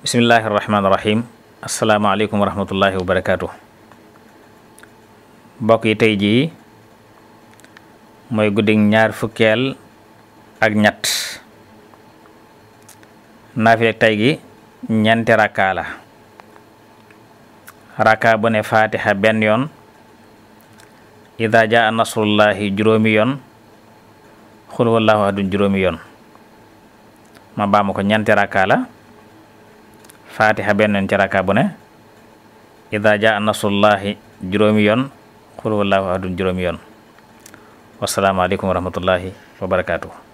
bismillahi rahmaani rahim asalaamaaleykum wa rahmatullahi wa barakaatu mbokk yi tey jii mooy guddig ñaar fukkeel ak ñett naafile tey gi ñeenti rakkaa la rakkaa bu ne fatiha benn yoon ida jaa nasrullahi juróomi yoon xul wallahu ahadun juróomi yoon ma baamu ko ñeenti rakkaa la fatiha benn yoon ci raka bu ne ida jaa nasrullahi juróomi yoon xul wallahu ahadun juróomi yoon wasalaamaaleykum wa rahmatullahi